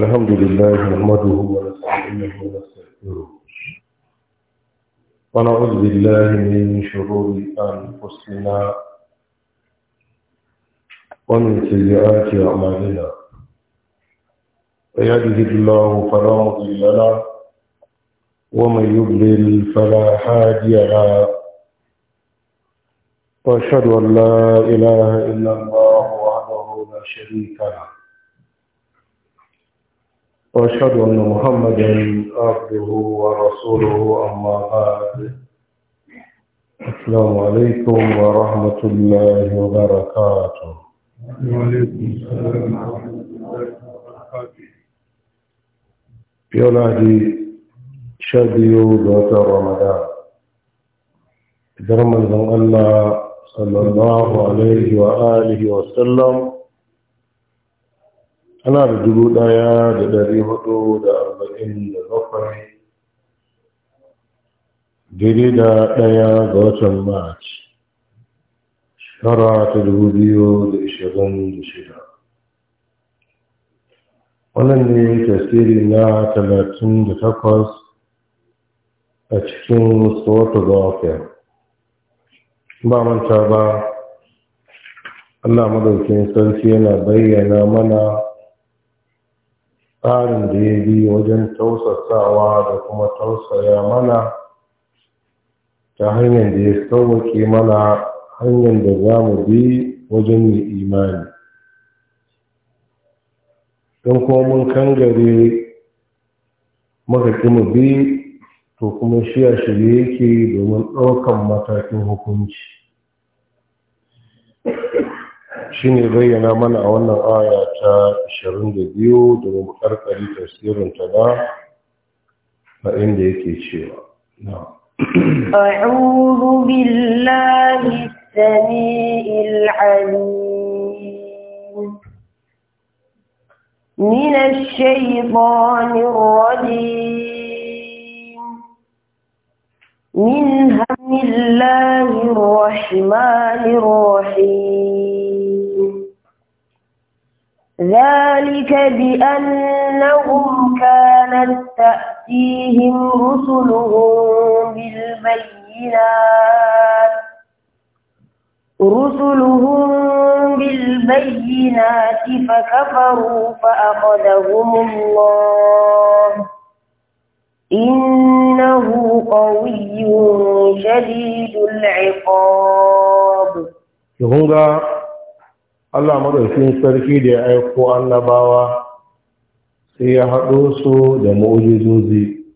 الحمد لله نحمده ونستعينه ونستغفره ونعوذ بالله من شرور انفسنا ومن سيئات اعمالنا فيهده الله فلا مضل له ومن يضلل فلا هادي له واشهد ان لا اله الا الله وحده لا شريك له وأشهد أن محمدا عبده ورسوله أما بعد السلام عليكم ورحمة الله وبركاته وعليكم السلام ورحمة الله وبركاته يولادي شاديو دوت رمضان درم الله صلى الله عليه وآله وسلم ana da dubu ɗaya da dari hudu da arba'in da bakwai daidai da ɗaya ga watan march shekara ta dubu biyu da ishirin da shida wannan ne tasiri na talatin da takwas a cikin soto zafiya ba manta ba allah madaukin sarki yana bayyana mana tsarin da ya bi wajen tausasawa da kuma tausaya mana ta hanyar da ya sauwaƙe mana hanyar da za mu bi wajen yi imani don kuma mun kangare maka kima bi to kuma shi a shirye yake domin ɗaukan matakin hukunci shi ne bayyana mana a wannan ayat ta 22 domin karkari tasirin ta ba a inda yake نعم أعوذ بالله السميع العليم من الشيطان الرجيم من هم الله الرحمن الرحيم ذلك بأنهم كانت تأتيهم رسلهم بالبينات رسلهم بالبينات فكفروا فأخذهم الله إنه قوي شديد العقاب Allah madaukin sarki da ya aiko annabawa sai ya haɗo su da mu'ujizozi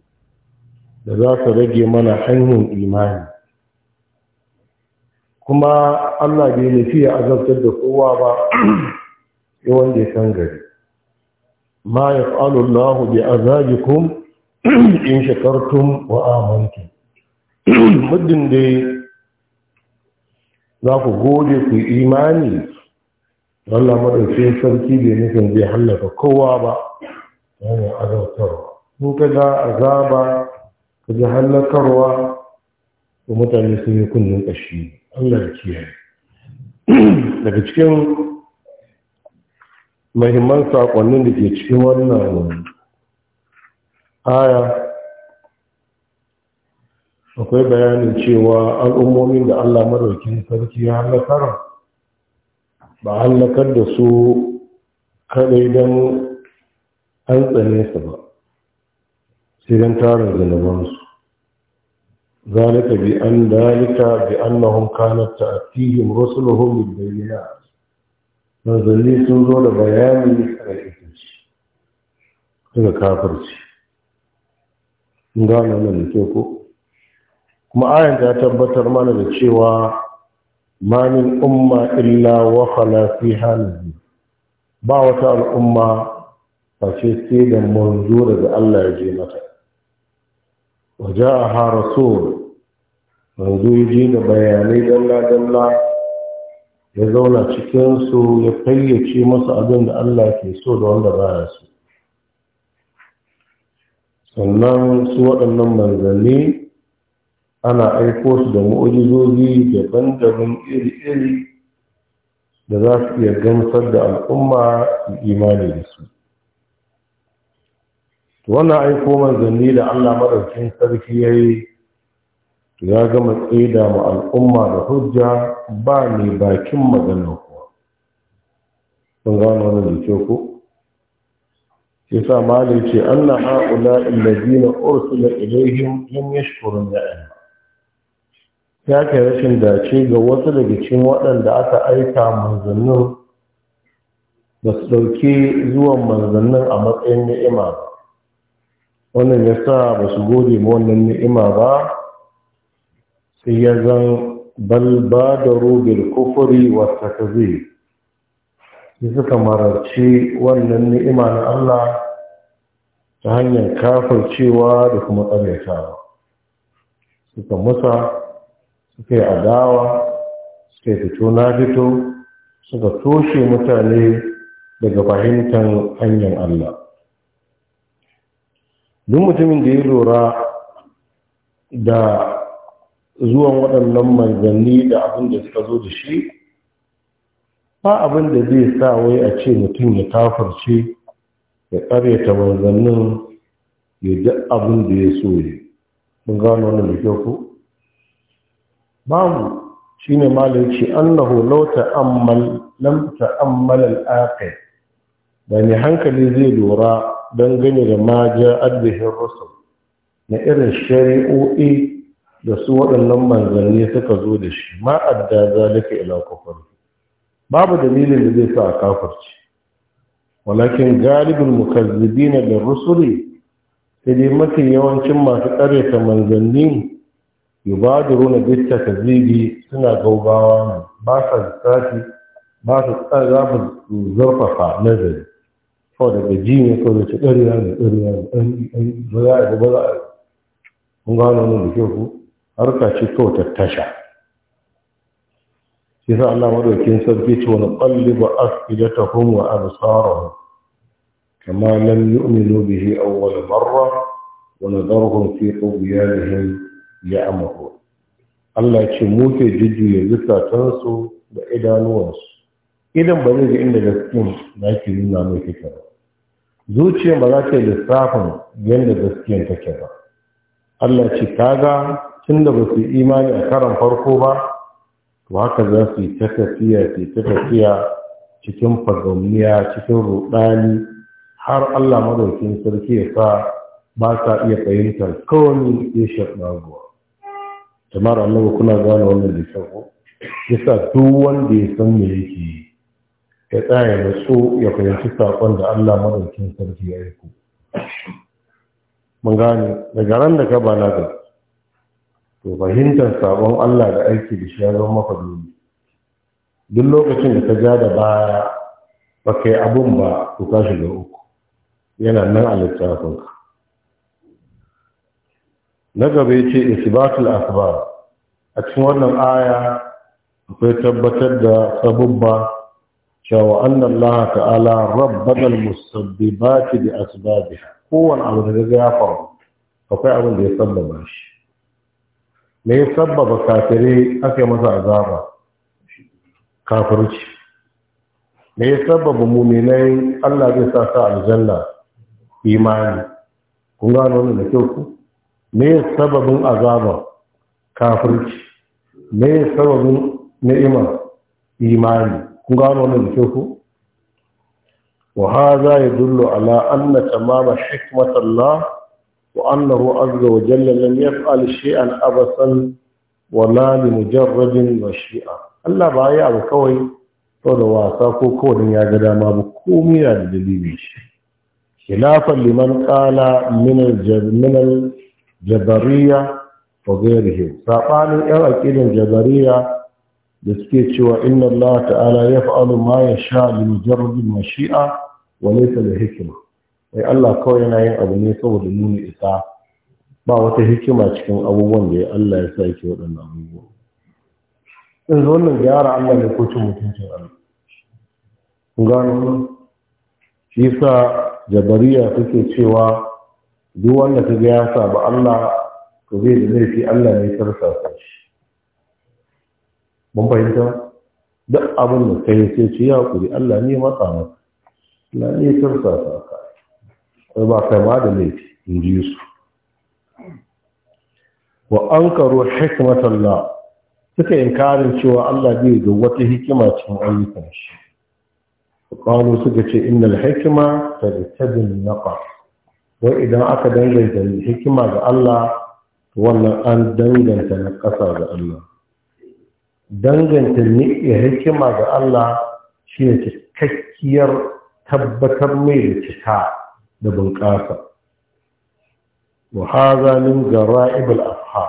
da za su rage mana hanyar imani kuma Allah bai nufi ya azabtar da kowa ba sai wanda ya san gari ma fa'alu Allahu bi azabikum in shakartum wa amantu muddin dai za ku gode ku imani Allah madauki sarki bai nufin zai hallaka kowa ba yana azautarwa Mu ka ga azaba ka ji hallakarwa ko mutane sun yi kunnen ƙashi Allah da kiyaye daga cikin mahimman saƙonnin da ke cikin wannan aya akwai bayanin cewa al'ummomin da Allah madaukin sarki ya hallakarwa. ba hallakar da su kaɗai don an tsane su ba sai don tarin bi bi an zunubansu ذلك بأن a بأنهم wasu تأتيهم da بالبينات manzanni sun zo da bayani a rikici daga kafirci gano na da ko kuma ayan ta tabbatar mana da cewa ma min umma illa wa khala fiha ba wata al'umma face sai da manzo daga Allah ya je mata wa ja'aha rasul manzo ya da bayanai dalla dalla ya zauna cikin su ya fayyace masa abin da Allah ke so da wanda baya so sannan su waɗannan manzanni ana aiko su da mu'ujizozi daban-daban iri-iri da za su iya gamsar da al'umma su imani da su wannan aiko manzanni da allah maɗaukin sarki ya yi ya gama tseda ma al'umma da hujja ba ne bakin magana kuwa sun gano wani da ke ku ya sa malin ce an na haƙula ilajina ursula ilaihim yin yashkurun ya'yan ya kai rashin dace ga wasu daga cikin waɗanda aka aika manzannin ba su ɗauki zuwan manzannin a matsayin ni'ima ba wannan ya sa ba su gode ma wannan ni'ima ba sai ya zan balba da rubin kufuri wata ta zai suka mararci wannan ni'ima na Allah ta hanyar cewa da kuma tsaraitawa suka musa suka adawa suka fito na fito suka toshe mutane daga fahimtar hanyar Allah duk mutumin da ya lura da zuwan waɗannan manzanni da abin da suka zo da shi ba abin da zai sa wai a ce mutum ya kafarce ya ƙaryata manzannin ya ji abin da ya soye ne mun gano wani da kyau ko babu shine malam ce annahu law ta'ammal lam ta'ammal al da ne hankali zai lura don gani da ma ja'ad bihi rusul na irin shari'o'i da su waɗannan manzanni suka zo da shi ma adda zalika ila kufr babu dalilin da zai sa a kafirci walakin galibul mukazzibina da rusuri? sai dai mafi yawancin masu ƙaryata manzanni يبادرون بالتكذيب سنة غوغان باسا الساتي باسا الساتي زرطفا نزل فورا بجيني فورا تقريان تقريان أمي أمي بلاي بلاي ونغانا من الجوهو أركا شكو تتشع إذا الله مدى كين سبكت ونقلب أفئدتهم وأبصارهم كما لم يؤمنوا به أول مرة ونذرهم في طغيانهم ya amahu Allah ce mu ke jujjuya zukatansu da idanuwansu idan ba zai ga inda gaskin na ke nuna mai kake ba zuciyar ba za ta yi lissafin yadda gaskiyar take ba Allah ce kaga tun da ba su imani a karan farko ba to haka za su yi ta tafiya su ta tafiya cikin fagamniya cikin rudani har Allah madaukin sarki ya sa ba sa iya fahimtar kawai ya shaɗa ruwa kamar annabi kuna gane wannan da kyau ko yasa duk wanda ya san me yake ya tsaya da so ya fahimci saƙon da Allah madaukin sarki ya aiko mun gane daga ran da ka bana ga to fahimtar saƙon Allah da aiki da shi ya zama maka dole duk lokacin da ta ja da baya ba kai abun ba to ka shiga uku yana nan a littafinka na gaba ya ce isbatul asbab a cikin wannan aya akwai tabbatar da sabubba cewa annan laha ta'ala rabbanal musabbibati bi asbabiha kowane abu da ya faru akwai abin da ya sabbaba shi me ya sabbaba kafire aka yi masa azaba kafirci me ya sabbaba muminai Allah zai sa sa aljanna imani kun gano wannan da kyau ku me sababin azaba kafirci me sababin ni'ima imani kun gano wannan da ku wa hadha yadullu ala anna tamama hikmatallah wa annahu azza wa jalla lam yaf'al shay'an abasan wa la li mujarradin mashi'a Allah ba ya abu kawai to da wasa ko kawai ya ga dama ba komai da dalili shi khilafan liman qala min al jabariya wa saɓanin sabanin yan aqidan jabariya da suke cewa inna Allah ta'ala yaf'alu ma sha, li mujarrad mashi'a wa laysa li hikma Ai Allah kawai yana yin abu ne saboda nuna isa ba wata hikima cikin abubuwan da ya Allah ya sa yake waɗannan abubuwa in zo wannan gyara Allah ne ko cin mutuncin Allah kun gano shi yasa jabariya suke cewa duk wanda ta ga ya sabu Allah to zai da laifi Allah ne ya sarsa shi mun fahimta duk abin da kai sai ci ya kuri Allah ne matsa maka Allah ne sarsa ka sai ba kai ma da laifi in ji su wa ankaru hikmatallah suka inkarin cewa Allah bai da wata hikima cikin ayyukan shi qalu suka ce ta da tadtabin naqas ko idan aka danganta hikima ga Allah wannan an danganta na ƙasa ga Allah danganta ni'i hikima ga Allah shi ne cikakkiyar tabbatar mai da cika da bunƙasa wa haza min gara'ib al-afha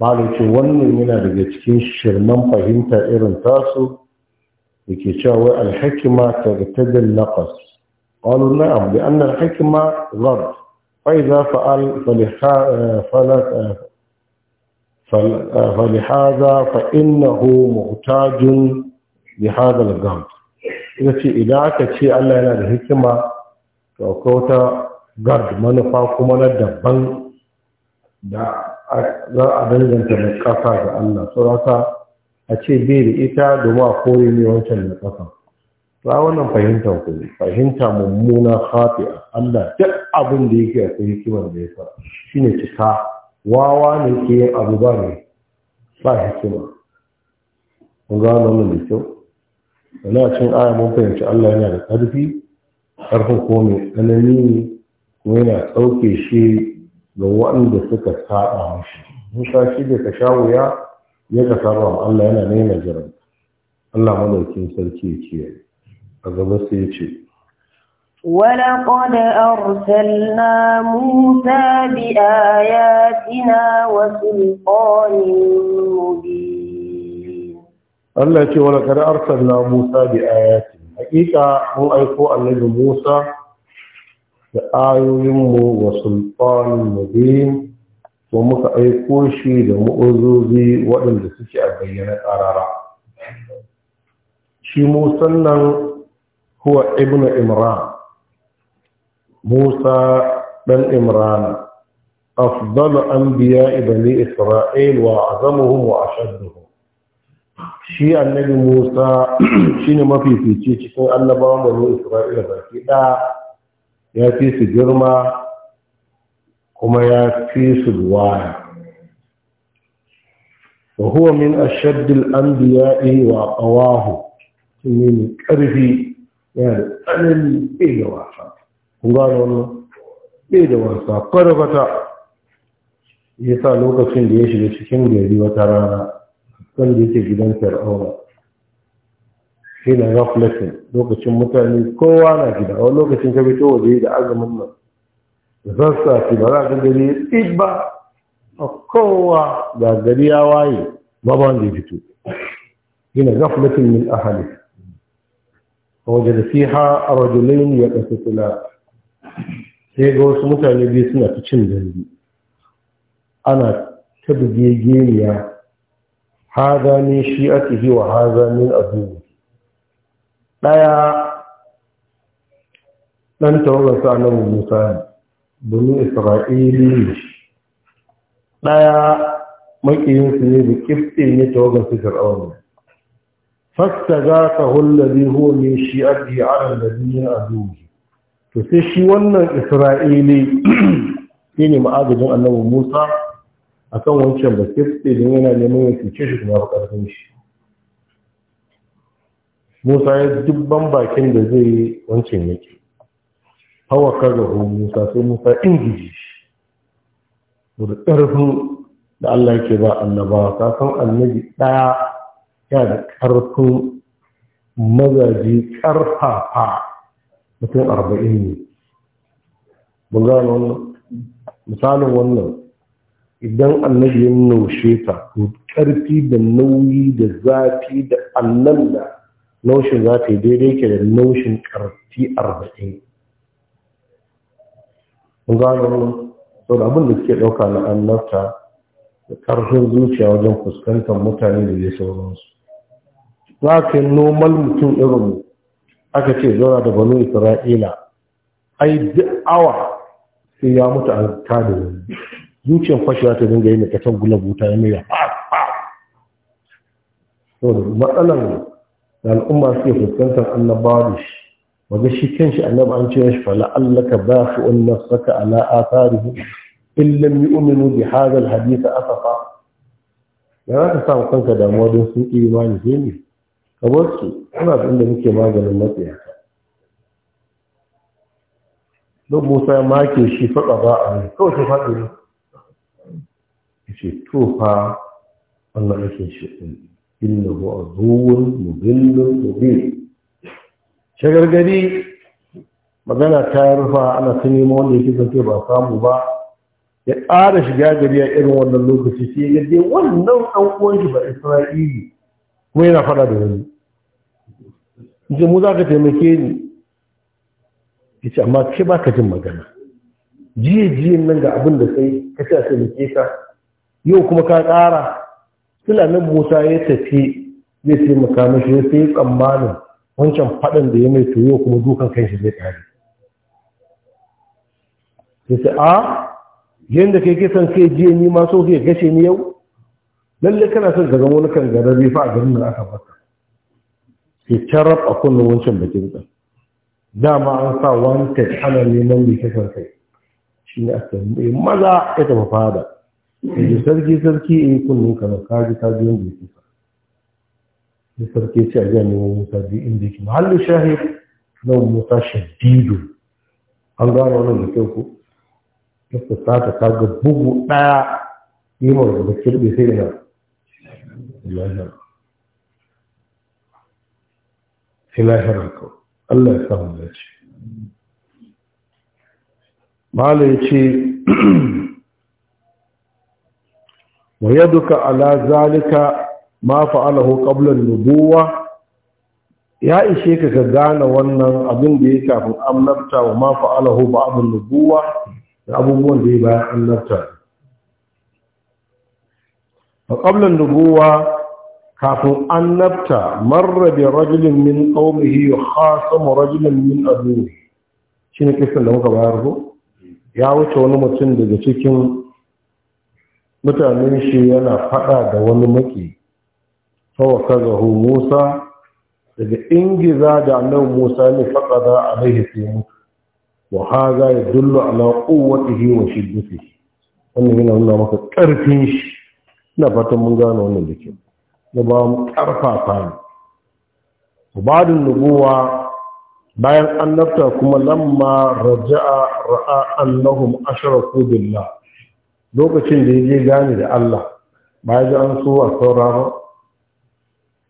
malai ce wannan yana daga cikin shirman fahimta irin tasu da ke cewa wai alhakima ta ga tadin naqas قالوا نعم لأن الحكمة ضرب فإذا فعل فلحا فلهذا فإنه محتاج لهذا الغرض ita ce idan aka ce Allah yana da hikima to wata gard manufa kuma na daban da za a danganta da ƙasa ga Allah saurata a ce bai da ita domin a kore ne wancan da ƙasa ba wannan fahimtar ku ne fahimta mummuna khati'a Allah duk abin da yake akwai hikimar da ya sa shine cika wawa ne ke yin abu ba ne ba hikima mun gano wannan da kyau ana cin aya mun fahimci Allah yana da ƙarfi ƙarfin ko mai tsanani ne kuma yana ɗauke shi ga waɗanda suka saba mashi mun sa shi da ka sha wuya ya ka saba Allah yana nema jiran Allah madaukin sarki ya kiyaye a gaba sai ya ce wala kone arsal na musa bi a ya tina wasu koni mubi allaci wala kada arsal na musa bi a ya tina hakika mun aiko annabi musa da ayoyinmu wasu koni mubi ko muka aiko shi da ma'uzozi waɗanda suke a bayyana ƙarara shi musan nan هو ابن إمران موسى بن إمران أفضل أنبياء بني إسرائيل وأعظمهم وأشدهم شيء النبي موسى شيء ما في في شيء شيء أن بني إسرائيل بكتا يأتي سجرما كما في سدوايا وهو من أشد الأنبياء وقواه من كرهي yana da tsanani bai da wasa kun gano wani. bai da wasa kwata-kwata ya sa lokacin da ya shiga cikin gari wata rana kan da yake gidan fir'auna shi na rafletin lokacin mutane kowa na gida A lokacin ka fito waje da azumin nan da sassafe ba za ka gari ya tsid ba a kowa da gari ya waye ba ba wanda ya fito shi na rafletin min ahali wajen fiha a rajulun ya ƙasa kula sai ga wasu mutane biyu suna ta cin dambe ana ta buge geniya haza min shi'atihi wa zane a zuwa ɗaya ɗan sa na musa ne bani isra'ili ne ɗaya makiyinsu ne da kifte ne tawagarsu fir'auna fastaghathahu alladhi huwa min shi'atihi 'ala alladhi ya'duhu to sai shi wannan isra'ili shine ne ma'agajin annabi musa akan wancan baskit din yana neman ya cuce shi kuma ƙarfin shi musa ya dubban bakin da zai yi wancan yake hawa kaga hu musa sai musa ingiji shi da da allah ke ba annaba ka san annabi ɗaya yana da ƙarfin mazaji ƙarfafa mutum arba'in ne mun gano wannan misalin wannan idan annabi ya naushe ta to ƙarfi da nauyi da zafi da annan da naushin za ta yi daidai ke da naushin ƙarfi arba'in mun gano wannan sau da abin da suke ɗauka na annabta da ƙarfin zuciya wajen fuskantar mutane da ya sauransu za ka yi nomal mutum irinmu aka ce zauna da banu isra'ila ai duk awa sai ya mutu a tada wani zuciyar fashewa ta dinga yi gula buta ya mai matsalar da al'umma suke fuskantar annabawa da shi waga shi shi annabi an ce shi fala allaka bafi'un saka ala atharihi in lam yu'minu bi hadha hadisa asafa ya za ka sa kanka damuwa don sun imani sai ne ka ana suna da inda muke maganin matsayaka don musa ya make shi faɗa ba a mai kawai sai faɗi ne ya ce to fa wannan aikin shi ɗin inda ko a zuwan mubillin mubil shagargari magana ta rufa ana ta nemo wanda yake zance ba samu ba ya ƙara shiga gari a irin wannan lokaci sai ya dai wannan ɗan uwan shi ba isra'ili kuma yana faɗa da wani ji mu za ka taimake ni ya ce amma ke ba ka jin magana jiye jiyen nan ga abin da sai ka ce a taimake ka yau kuma ka ƙara sila nan musa ya tafi zai taimaka mashi ya sai tsammanin wancan faɗin da ya mai to yau kuma dukan kanshi zai ƙare ya ce a yadda kai kisan kai jiye ni ma so ke gashe ni yau Lallai kana son ka zama wani kan gararri fa a garin da aka baka Ke carab a kunnen wancan bakin ɗan dama an sa wanted ana neman mai kasar kai shi ne aka yi maza ya tafi fada yanzu sarki sarki in eh, yi kunnen na kaji kaji da ya kusa da sarki ce a gani neman musa biyu inda yake mahallin shahid na musa shadidu an gano wannan da kyau ko ta ta kaga bugu ɗaya yi mawa da kirɓe sai da na sai lahira Allah ya samu dace mala ya ce wa yaduka ala zalika ma fa'alahu qabla an-nubuwa ya ishe ka ka gane wannan abin da ya kafin annabta wa ma fa'alahu ba'd an-nubuwa da abubuwan da ya bayan annabta fa qabla an-nubuwa kafin an annabta marrabe rajulun min haso yukhasamu rajulun min shi ne kisan da muka bayar ko ya wuce wani mutum daga cikin mutanen shi yana fada da wani maki fawa kazahu musa daga ingiza da annabi musa ne faqada alaihi fi mutu wa ya yadullu ala quwwatihi wa shiddatihi wannan yana nuna maka karfin shi na fatan mun gano wannan da da ba mu ƙarfafa ne ubadin nubuwa bayan annabta kuma lamma raja'a ra'a annahum ashraku billah lokacin da ya je gane da Allah bayan ji an so a saurara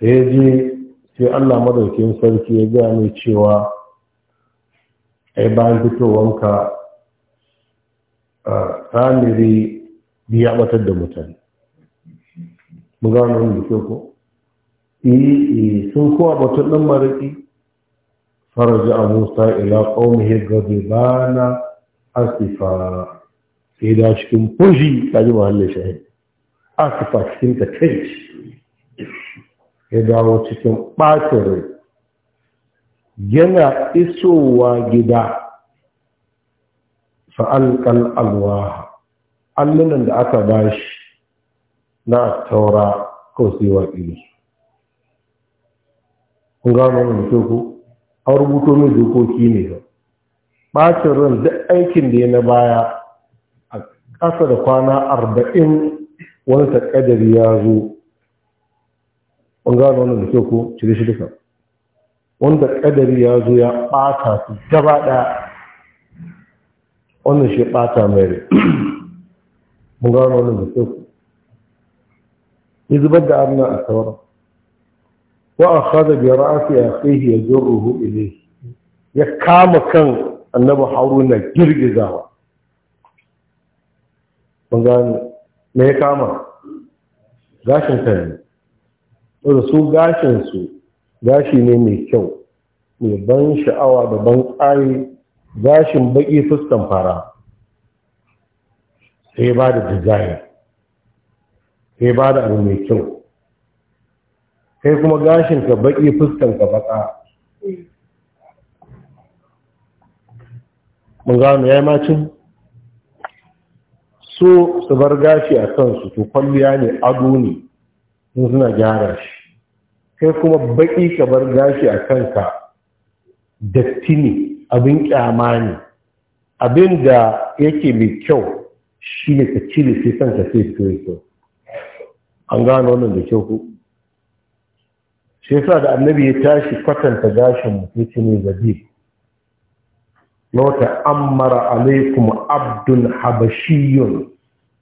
da yaje sai Allah madaukin sarki ya gane cewa ai bayan fitowanka a ah, samiri biya batar da mutane mu gano wannan da ko eh, eh sun kowa batun ɗan ji a musa ila ba na asifa sai da cikin fushi ji mahallin shahid asifa cikin ta kai ya dawo cikin ɓacin rai yana isowa gida fa'alƙal alwaha allunan da aka bashi na taura kawai sai waƙi kun gano wani da ko an rubuto mai dokoki ne ba ɓacin ran duk aikin da ya na baya a ƙasa da kwana arba'in wani takadari ya zo kun gano wani da ko cire shi duka wanda kadari ya zo ya ɓata su gaba ɗaya wannan shi ɓata mai rai mun gano wani da ko إذ بدأ أبناء الثورة وأخذ برأس أخيه يجره إليه يكام كان النبي حاولنا جرجزاوة وقال ما يكام gashin ta ne da su gashinsu gashi ne mai kyau mai ban sha'awa da ban tsari gashin baƙi fuskan fara sai ba da desire sai ba da abu mai kyau kai kuma gashin ka baki fuskan ka mun gano ya yi macin so su bar gashi a kansu to kwalliya ne ado ne sun suna gyara shi kai kuma baƙi ka bar gashi a kanka datti ne abin ƙyama ne abin da yake mai kyau shi ne ka cire sai kanka sai su kyau an gano wannan da kyau ku shi yasa da annabi ya tashi kwatanta gashin mutunci ne zabi lauta ammara alaikum abdun habashiyun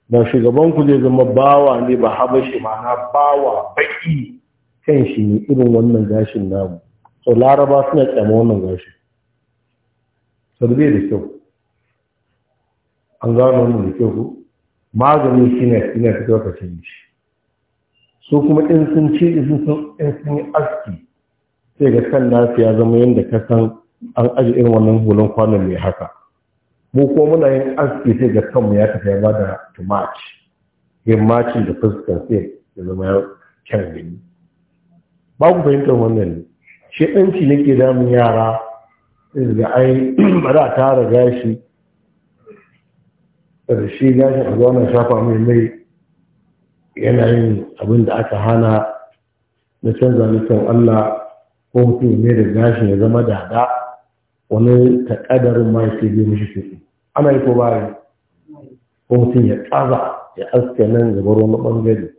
Na shugaban ku zai zama bawa ne ba habashi na bawa baki kan shi ne irin wannan gashin namu so laraba suna kyamu wannan gashin so da da kyau an gano wannan da kyau ku maganin shi ne shi ne fito ka shi. su kuma in sun ce in sun yi aski sai ga kan lafiya zama yadda ka san an aji irin wannan hulun kwanan mai haka mu ko muna yin aski sai ga kanmu ya tafi ba da tumaci yin macin da fuskar sai ya zama ya kyan gani ba ku fahimtar wannan ne shi ɗanci nake damun yara sai ga ai ba za a tara gashi da shi gashin a zauna shafa mai mai yana yin abin da aka hana na canza nufin Allah ko mutum ne da gashin ya zama dada wani takadarin ma yake biyu mashi kuɗi ana yi ko bayan ko mutum ya tsaza ya aske nan gabar wani bangare.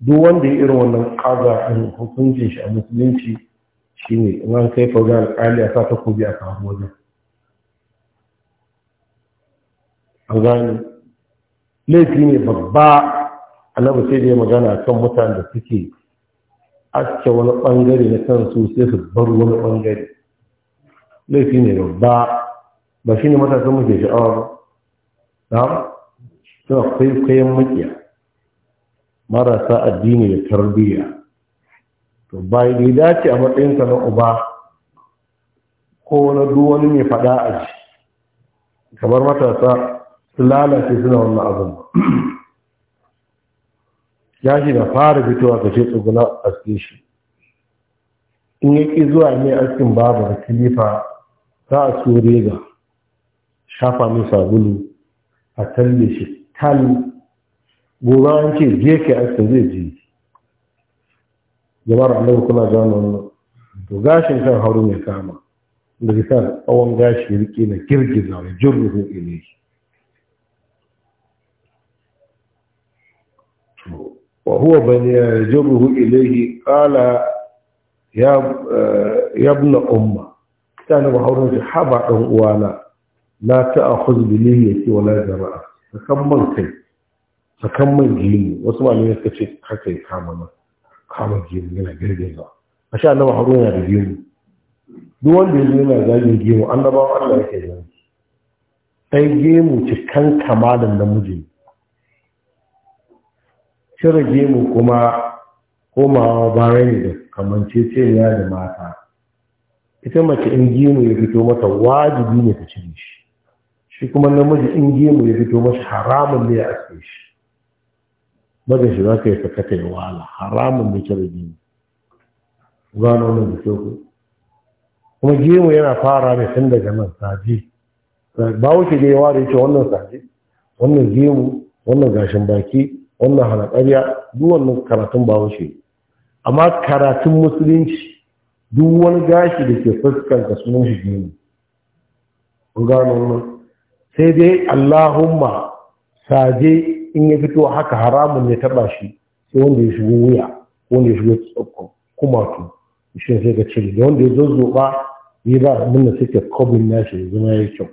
duk wanda ya irin wannan ƙaza a hukuncin shi a musulunci shine in an kai fauga alƙali a sa takobi a kawo wajen laifi ne babba annabi sai da ya magana kan mutanen da suke aske wani bangare na su sai su bar wani bangare laifi ne babba ba shi ne matasan muke sha'awar ba suna kwaikwayon makiya marasa addini da tarbiyya to bai da dace a matsayinka na uba ko na duwani mai fada a ji kamar matasa su lalace suna wannan abin ya shi da fara fitowa ka ce tsuguna aske shi in ya ƙi zuwa ne askin babu da kilifa za a so reza shafa mai sabulu a talle shi tal gobe an ce je ka askin zai je jama'ar annabi kuna gano wannan to gashin kan hauru mai kama da bisa tsawon gashi ya rike na girgiza ya jirgin وهو من يجره إليه قال يا يا ابن أمة كان بحورنا حبا وانا لا تأخذ بليتي ولا جراء فكمل كي فكمل جيني وسمع لي كشيء حكي كامنا kama gemu yana girgiza a sha annaba haro yana da gemu duk wanda ya yana zagin gemu annabawa Allah yake yi sai gemu cikan kamalin namijin cire gemu kuma komawa bayan da ya da mata ita mace in gemu ya fito mata wajibi ne ta cire shi shi kuma namiji in gemu ya fito mashi haramun ne ya aske shi maza shi za ka yi sakata ya wahala haramun ne cire gemu gano wannan da soko kuma gemu yana fara ne tun daga nan saji ba wuce da yawa da ya ce wannan saji wannan gemu wannan gashin baki wannan hana ƙarya duk wannan karatun ba wuce amma karatun musulunci duk wani gashi da ke fuskanta sunan shi ne kun gano wannan sai dai Allahumma saje in ya fito haka haramun ya taba shi sai wanda ya shigo wuya ko wanda ya shigo kumatu shi sai ga cire da wanda ya ba ya ba abin da suke kobin nashi ya zama ya yi kyau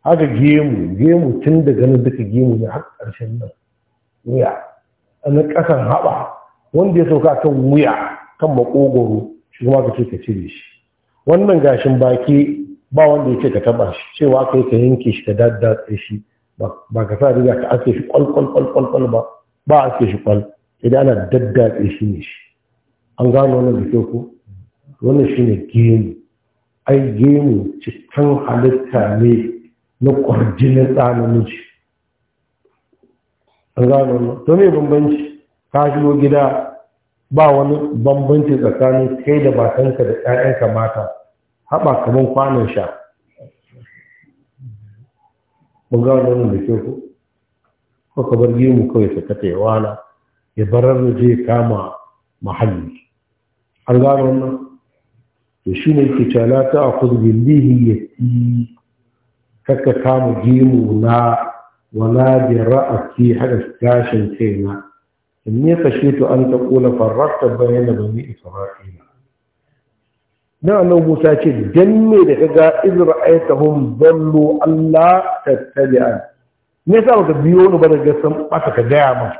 haka gemu gemu tun daga nan duka gemu ne har ƙarshen nan wuya na ƙasan haɓa wanda ya sauka kan wuya kan makogoro shi kuma ka ce ka cire shi wannan gashin baki ba wanda ya ce ka taɓa shi cewa ka yi ka yanke shi ka daddatsa shi ba ka sa riga ka ake shi kwal kwal kwal kwal kwal ba ba ake shi kwal idan ana daddatsa shi ne shi an gano wannan da kyau ko wannan shi ne gemu ai gemu cikin halitta ne na kwarjinin ɗa shi. an gano to me bambanci ka shigo gida ba wani bambanci tsakanin kai da matanka da 'ya'yanka mata haɓa kaman kwanon sha mun gano wani da ke ku ko ka bar gemu kawai ta kata ya wala ya barar da je kama muhalli an gano wannan to shi ne ke cala ta a kudu billahi ya kaka kama gemu na wala bi ra'ati hada gashin kaina inni khashitu an taqula farraqta bayna bani isra'ila na nan Musa ce dan me da kaga izra'aytahum dallu Allah tattabi'a me yasa baka biyo ni ba daga san baka ka gaya ma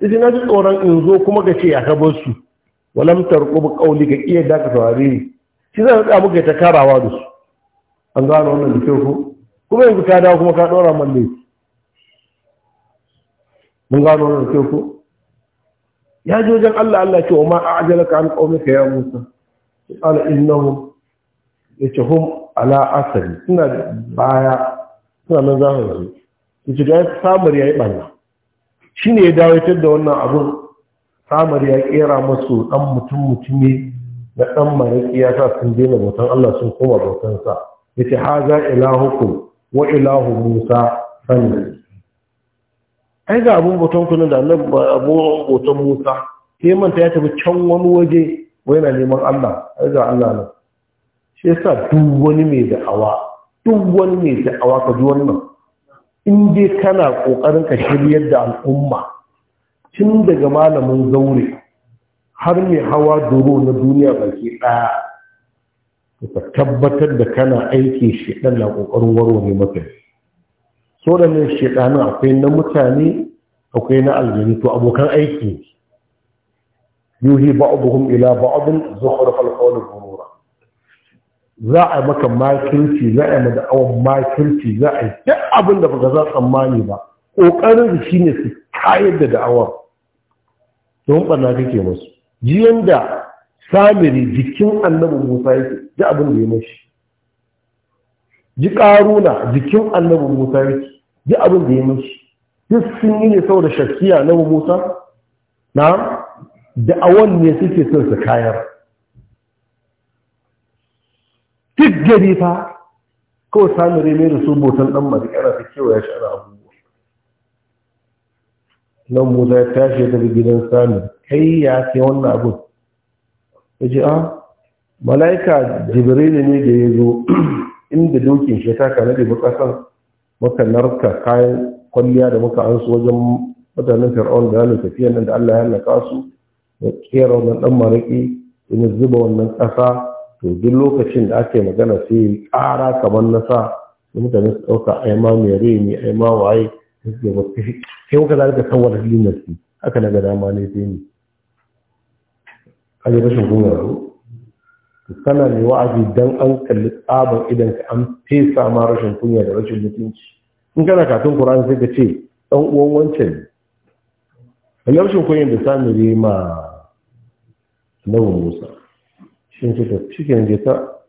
idan na ji tsoron in zo kuma ka ce ya ka bar su walam tarqub qawli ka iya da ka saurare shi zai ka muka ta karawa da su an gano wannan da kyau ko kuma yanzu ka dawo kuma ka dora man mun gano wannan ke ko ya ji wajen Allah Allah ce wa ma a'jalaka an qaumika ya Musa ya ce yatahum ala asali suna baya suna nan za su zo yace ga samar ya ɓanna shi shine ya dawatar da wannan abun samar ya kera masu dan mutum mutumi na dan mariki ya sa sun daina bautan Allah sun koma bautan sa za ilahu ku wa ilahu Musa fanni ai ga abun hoton ku da annabi abun bautan Musa sai manta ya tafi can wani waje wai na neman Allah ai ga Allah nan shi yasa duk wani mai da'awa duk wani mai da'awa ka ji wannan in dai kana kokarin ka shiryar da al'umma tun daga malamin zaure har mai hawa doro na duniya baki ɗaya ka tabbatar da kana aiki shi dan na ƙoƙarin warware maka waɗannan shekaru akwai na mutane akwai na aljani to abokan aiki yuhi ba'aduhum ila ba'adun zuhur falqawlu ghurura za a maka makirci za a mada awon makirci za a yi duk abin da baka za tsammani ba kokarin shi ne su kayar da da'awar don barna kake musu jiyan da samiri jikin annabi musa yake duk abin da ya mashi ji ƙaruna jikin annabi musa yake ji abin da ya mashi duk sun yi ne saboda shakkiya annabi musa na awon ne suke son su kayar duk gari fa kawai sami reme da su botan ɗan masu ƙara ta kewa ya shara abubuwa nan musa ya tashi daga gidan sami kai ya ce wannan abin ya ce a ah, mala'ika jibril ne da ya zo inda dokin shi ta kanade da bukasan muka kayan kwalliya da muka ansu wajen mutanen fir'aun da zalu tafiyan nan da Allah ya halaka su da kera wannan dan maraki in zuba wannan kasa to duk lokacin da ake magana sai ƙara kamar na sa da mutane su ɗauka ai mai rai ne ai waye sai wata sai kuka zalika sawar linnasi haka na ga dama ne sai ni kaje rashin gungaro kana mai wa'azi dan an kalli tsabar idan ka an fesa ma rashin kunya da rashin mutunci in kana kafin Qur'ani sai ka ce dan uwan wancan ne rashin kunya da sami ma Nabi Musa shin ce ta cikin je ta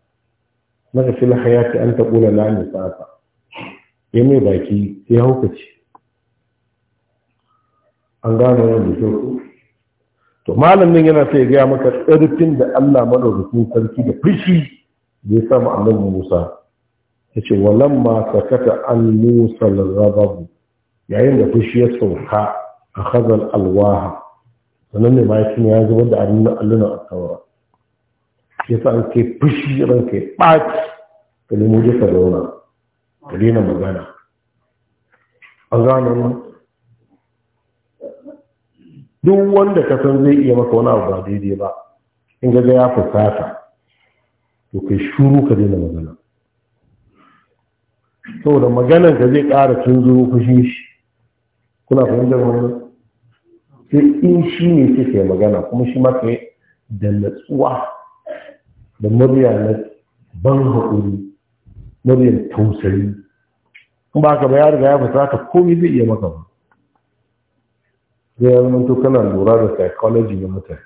maka fil hayati an taqula la ilaha ya mai baki ya haukace an gano wannan da kyau to malamin yana sai gaya maka tsarfin da Allah madaukakin sarki da fushi da sa mu annabi Musa yace ma sakata an Musa al-ghadab yayin da fushi ya sauka a khazal alwaha sannan ne bayan ya zubar da annabi Allah a tawara yasa an ke fushi ran ke ɓaci ka ka zauna ka daina magana an duk wanda ka san zai iya maka wani abu ba daidai ba in ga ya fusata to kai shuru ka daina magana saboda maganar ka zai ƙara tunzuro fushin shi kuna fahimtar wannan sai in shi ne sai magana kuma shi ma da natsuwa da murya na ban haƙuri muryar tausayi in ba ka ba ya riga ya fusata komai zai iya maka ba sai ya zama kana lura da psychology na mutane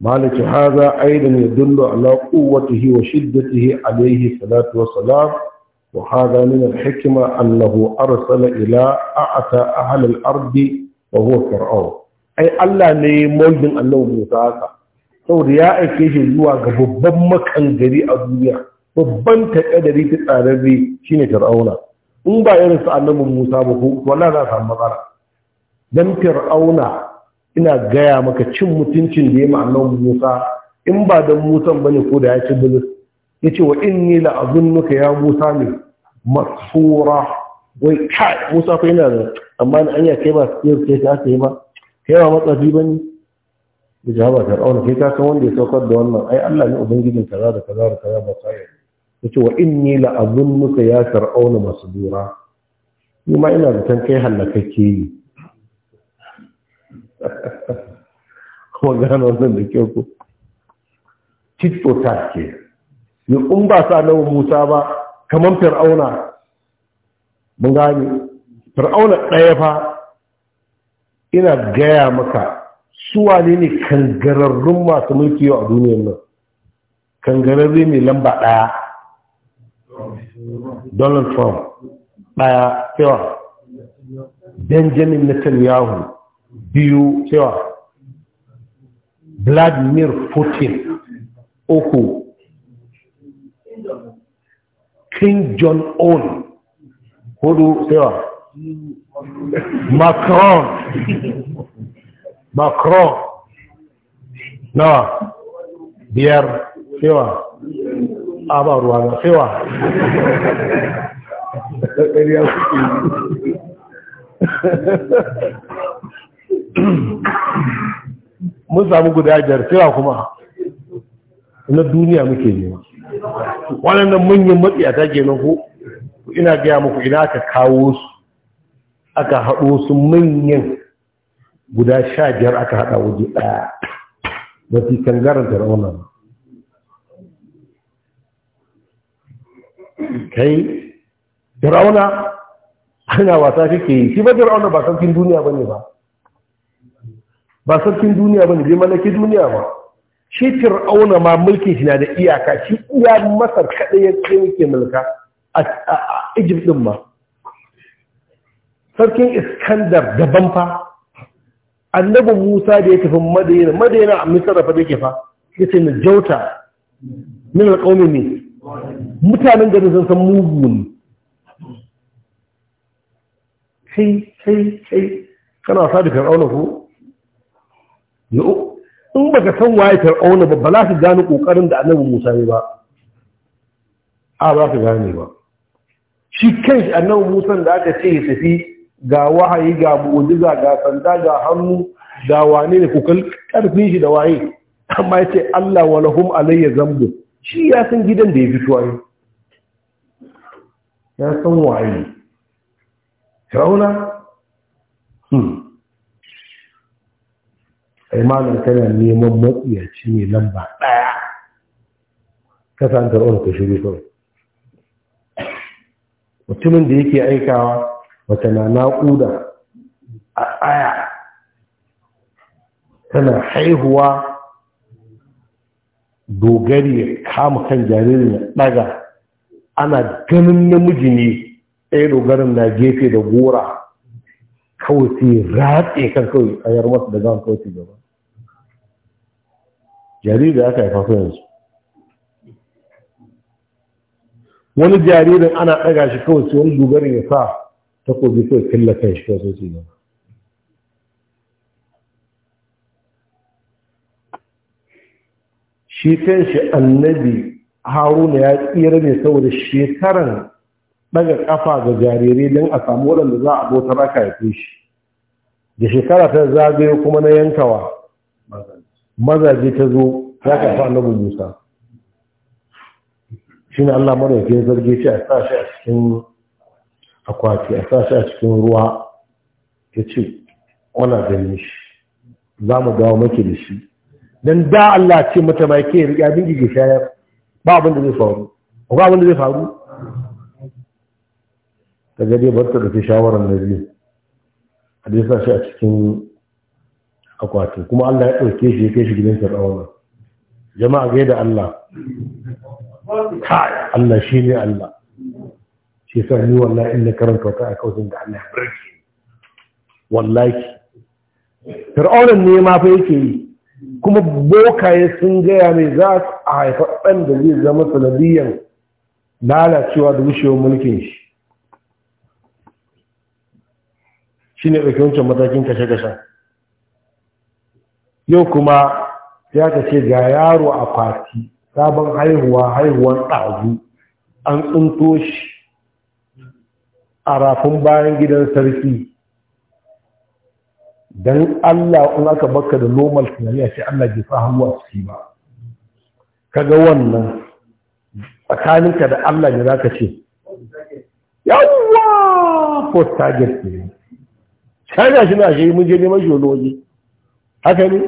malaki haza aidan ya dullo ala quwwatihi wa shiddatihi alayhi salatu wa salam wa hada min al-hikma annahu arsala ila a'ata ahli al-ardi wa huwa fir'aun ai Allah ne mulkin Allah Musa haka saboda ya aike shi zuwa ga babban makan gari a duniya babban takadari ta tsararre shine fir'auna in ba irin su annabi Musa ba ko wallahi za samu matsala dan fir'auna ina gaya maka cin mutuncin da ya ma annabi Musa in ba dan Musa bane ko da ya ci bilis yace wa inni la azunnuka ya Musa ne masura wai kai Musa fa ina da amma an ya kai ba sai sai ta sai ba kai ba matsafi bane da jawaba fir'auna kai ka san wanda ya saukar da wannan ai Allah ne ubangijin kaza da kaza da kaza ba sai yace wa inni la azunnuka ya fir'auna masdura ni ma ina zaton kai hallakakke yi. kuma gano wannan da kyau ko tito ta ke yi in ba sa nawa musa ba kamar fir'auna mun gane fir'auna ɗaya fa ina gaya maka suwane ne kangararrun masu mulki a duniyar nan Kangararri mai lamba ɗaya donald trump ɗaya cewa benjamin netanyahu biyu cewa vladimir putin uku king john on hudu cewa macron macron na biyar cewa a ba ruwa na saiwa mun samu guda jar tsewa kuma na duniya muke nema waɗannan manyan matsiyata ke nan ko ina gaya muku ina aka kawo su aka haɗo su manyan guda sha biyar aka haɗa waje ɗaya ba fi kangaranta da kai Firauna ana wasa kake yi shi ba Firauna ba sarkin duniya bane ba ba sarkin duniya bane bai malaki duniya ba shi Firauna ma mulkin shi na da iyaka shi iya masar kadai ya yake mulka a Egypt din ma sarkin Iskandar daban fa annabi Musa da ya tafi Madina Madina a da fa ke fa ce na jauta min alƙaunin ne. mutanen gari sun san mugu ne sai sai sai kana sa da fir'auna ko yau in ba ka san waye fir'auna ba ba za ka gane kokarin da annabi musa ne ba a ba ka gane ba shi shi annabi musa da aka ce ya tafi ga wahayi ga mu'ujiza ga sanda ga hannu ga wane ne ko karfin shi da waye amma ya ce Allah wa lahum alayya zambu shi ya san gidan da ya fito ayi ya san waye fir'auna hmm ai malam neman matsiyaci ne lamba ɗaya ka san fir'auna ka shiru kawai mutumin da yake aikawa wata na naƙuda a tsaya tana haihuwa dogari ya kama kan jaririn ya ɗaga ana ganin namiji ne ɗaya dogarin na gefe da gora kawai sai ratse kan kawai yar masa da zan kawai gaba jariri aka haifa yanzu wani jaririn ana ɗaga shi kawai sai wani dogarin ya sa takobi kawai killa kan shi kawai sai gaba shi kan shi annabi haruna ya tsira ne saboda shekaran daga kafa ga jarire don a samu waɗanda za a raka ya haife shi da shekara ta zagaye kuma na yankawa mazaje ta zo ya karfa annabi musa shi ne allah yake zarge shi a sa shi a cikin akwati a sa shi a cikin ruwa ya ce wana ganin shi za mu dawo maki da shi don da allah ce mata ma ke riƙa bin gigi shayar ba abin da zai faru ba abin da zai faru ta gade ba ta dafi shawarar na biyu a da sa shi a cikin akwatin kuma Allah ya ɗauke shi ya kai shi gidan fir'auna jama'a gaida Allah kai Allah shi ne Allah shi sa ni wallahi inda karanta ta akawai da Allah ya barke wallahi fir'aunan ne ma fa yake yi kuma bokaye sun gaya mai za a haifa ɗan da zai zama sanadiyyar lalacewa da wushewar mulkin shi shi ne ɗauki wancan matakin kashe kashe yau kuma ya ta ce ga yaro a fati sabon haihuwa haihuwan ɗazu an tsuntoshi shi a rafin bayan gidan sarki dan Allah in aka baka da normal tunani a ce Allah ji sa hannu a ciki ba kaga wannan tsakaninka da Allah ne zaka ce yawwa ko target ne ga shi na shi mun je neman joloji haka ne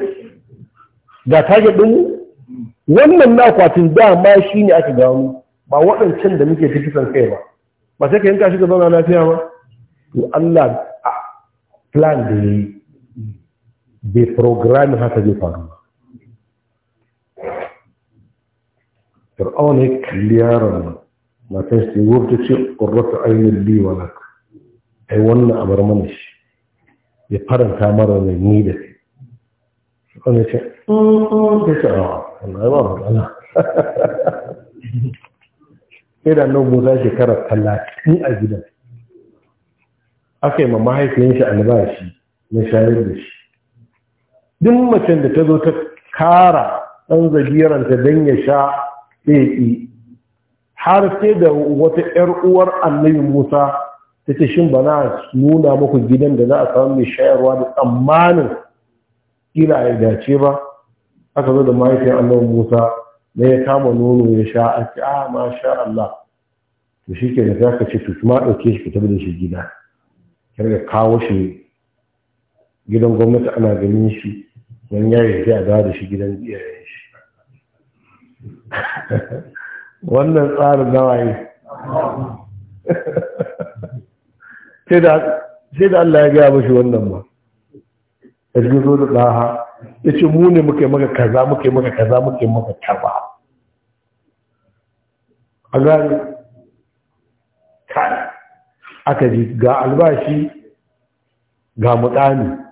Da target din wannan na kwatin ma shine aka gano ba waɗancan da muke fi kisan kai ba ba sai ka yanka shi ka zauna lafiya ba to Allah plan da yi. bai programin haka zai faru fir'auna ya kalli yaron matan shi wurta ce ƙurrata ainihin liwa na ai abar mana shi ya faranta mara mai ni da shi fir'auna ce da ce a wannan ya ba magana sai da nan musa shekara talatin a gidan aka yi ma mahaifiyan shi albashi na shayar da shi duk macen da ta zo ta kara ɗan zagiranta don ya sha ɗaiɗi har sai da wata ‘yar uwar annabi musa ta ce shin bana nuna maku gidan da za a samu mai shayarwa da tsammanin kila ya dace ba aka zo da mahaifiyar annabi musa na ya kama nono ya sha a ce a ah, ma sha Allah to shi ke da za ka ce to kuma ɗauke shi fitar da shi gida ka kawo shi gidan gwamnati ana ganin shi don yayi sai a da shi gidan iyayen shi wannan tsarin nawaye sai da Allah ya gaya mashi wannan ba a cikin zo da ɗaha ya ce mu ne muke maka kaza muke maka kaza muke yi maka kaza a gani aka ji ga albashi ga mutane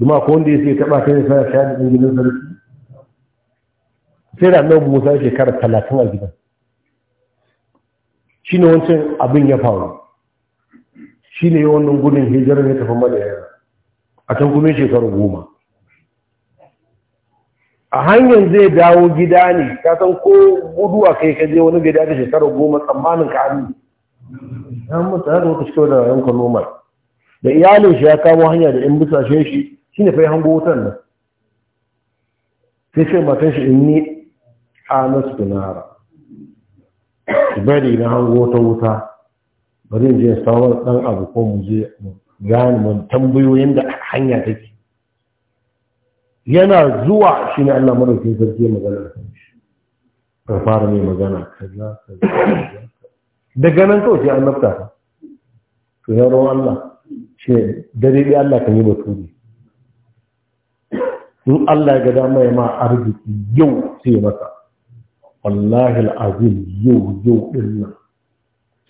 kuma ko wanda yake taba yi sa shani din gidan sarki sai da nan Musa shekarar talatin a gidan ne wancan abin ya faru Shi yawan nan gudun hijirar ya tafi yara a can kuma shekaru goma a hanyar zai dawo gida ne ka san ko gudu a kai ka je wani gida ta shekaru goma tsammanin ka hannu ya mutu da wata cikin da yankan noma da iyalin shi ya kamo hanya da yan bisa shi shi ne fai hango wutan nan sai ce matan shi inni ni a nasu Su bari na hango ta wuta bari in je samar ɗan abu ko mu je gane mu tambayoyin da hanya take yana zuwa shi ne Allah madaukin sarki magana kan shi ka fara mai magana kaza kaza daga nan kawai sai an nafta to ya Allah shi dare dai Allah kan yi baturi in Allah ya gada ya ma arziki yau sai masa wallahi al'azim yau yau din nan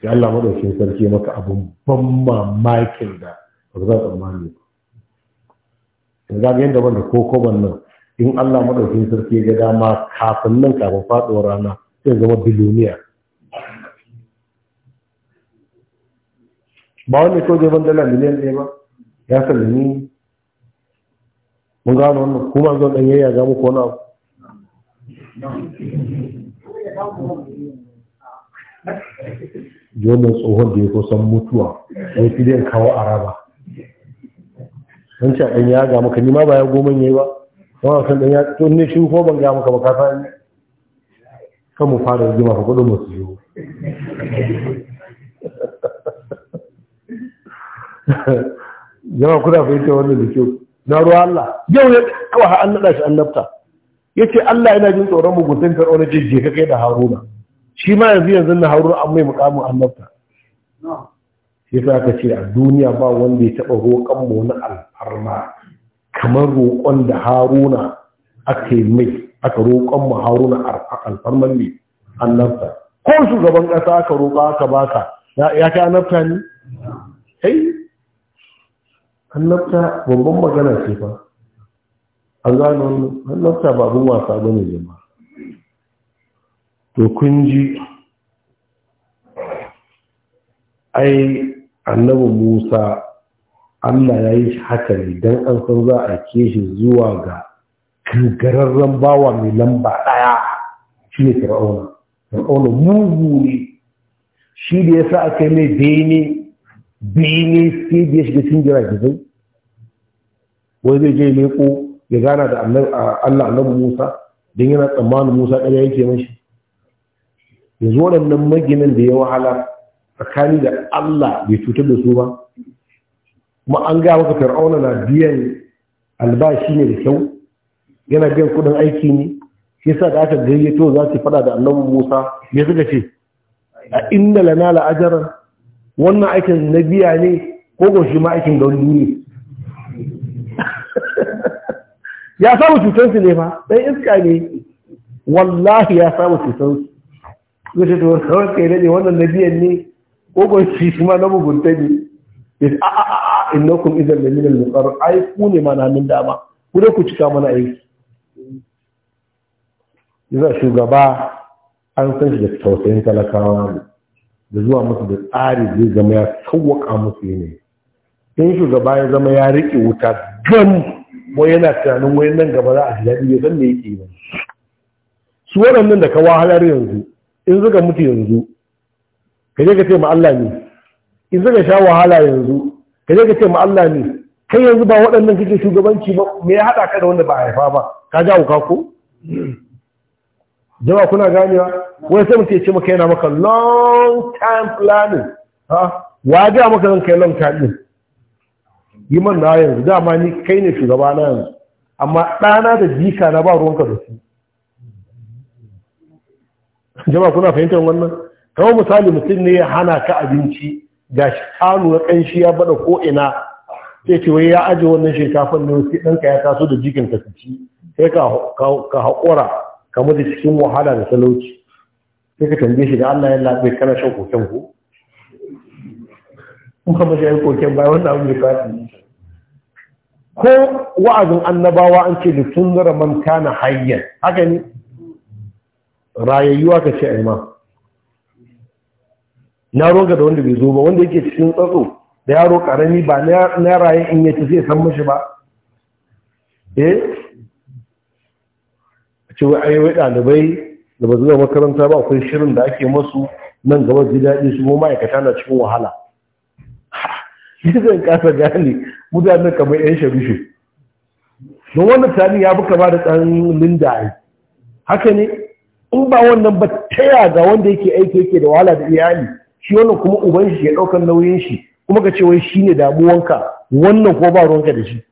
sai Allah madaukin sarki maka abun ban mamakin da ba za tsammani ba da ga yanda wanda ko koko nan in Allah madaukin sarki ga dama kafin nan kafin faɗo rana sai zama biloniya ba wani ko ban dala miliyan ɗaya ba ya ni. kun gano wannan kuma zan ɗan yayya ga muku wani abu yomin tsohon da ya kusan mutuwa ya fi dai kawo araba wancan ɗan ya ga maka nima ba ya goma ya yi ba wani wasan ɗan ya to ne shi ko ban ga maka baka sa ne. kan mu fara rigima ka kuɗin masu yiwu jama kuna fahimta wannan da kyau na ruwa Allah yau ya kawai an naɗa shi nafta. ya ce Allah yana jin tsoron muguntan karɓo na ka kai da haruna shi ma yanzu yanzu na haruna an mai mukamin annabta shi sa ka ce a duniya ba wanda ya taɓa roƙon mu na alfarma kamar roƙon da haruna aka yi mai aka roƙon mu haruna alfarman ne nafta. ko shugaban ƙasa aka roƙa aka baka ya kai nafta ne? annabta babban magana ce fa an gano annabta ba abin wasa ba ne zama. to kun ji ai annabi musa allah ya yi haka ne don an san za a shi zuwa ga kankararren bawa mai lamba ɗaya shi ne fir'auna fir'auna mugu ne shi da ya sa aka yi mai bene bene sai da ya shiga cikin giragizai wai zai je leko ya gana da Allah annabi Musa don yana tsammanin Musa ɗaya yake mashi yanzu waɗannan maginan da ya wahala tsakani da Allah bai cutar da su ba kuma an ga maka fir'auna na biyan albashi ne da kyau yana biyan kuɗin aiki ne shi sa da aka gayyato za su fada da annabi Musa ya zuga ce a inna lana la'ajar? wannan aikin na biya ne ko ko shi ma aikin gauri ne ya samu su ne fa ɗan iska ne wallahi ya samu su. zai ce tuwar kawar kai ne wannan na biyan ne ko ko shi shi ma na mugunta ne ya ce a'a innakum idan da minal muqarrar ai ku ne ma na min dama ku dai ku cika mana aiki Yanzu shugaba an san shi da tausayin talakawa ne da zuwa musu da tsari zai zama ya sauwaka musu ne in shugaba ya zama ya riƙe wuta gan ko yana tunanin wayan nan gaba za a ji daɗi ya san me yake ba su waɗannan da ka wahalar yanzu in suka mutu yanzu ka je ka ce ma Allah ne in suka sha wahala yanzu ka je ka ce ma Allah ne kai yanzu ba waɗannan kake shugabanci ba me ya haɗa ka da wanda ba a haifa ba ka ja ka ko jama kuna ganewa wai sai mutum ya ce maka yana maka long time planning ha wa ga maka zan kai long time din yi man na yanzu dama ni kai ne shugaba na yanzu amma ɗana da jika na ba ruwanka da su jama kuna fahimtar wannan kamar misali mutum ne ya hana ka abinci ga shi kanu na ƙanshi ya bada ko ina sai ce wai ya aje wannan shinkafin ne sai ɗanka ya taso da jikin ka su ci sai ka haƙura ka mutu cikin wahala da talauci sai ka tambaye shi da Allah ya labe kana shan koken ko in ka mace yin koken bayan wannan abin da ka ko wa'azin annabawa an ce da zara man kana hayyar haka ne rayayyuwa ka ce a ma na roga da wanda bai zo ba wanda yake cikin tsatso da yaro karami ba na raye in yace zai san mashi ba eh cewa ai wai ɗalibai da ba zuwa makaranta ba akwai shirin da ake masu nan gaba ji daɗi su kuma ma'aikata na cikin wahala shi zan kasa gane mutanen kamar yan shabishu don wannan tani ya fi kama da ɗan linda haka ne in ba wannan ba taya ga wanda yake aiki yake da wahala da iyali shi wannan kuma uban shi ya ɗaukar nauyin shi kuma ka ce wai shi ne damuwanka wannan ko ba ruwanka da shi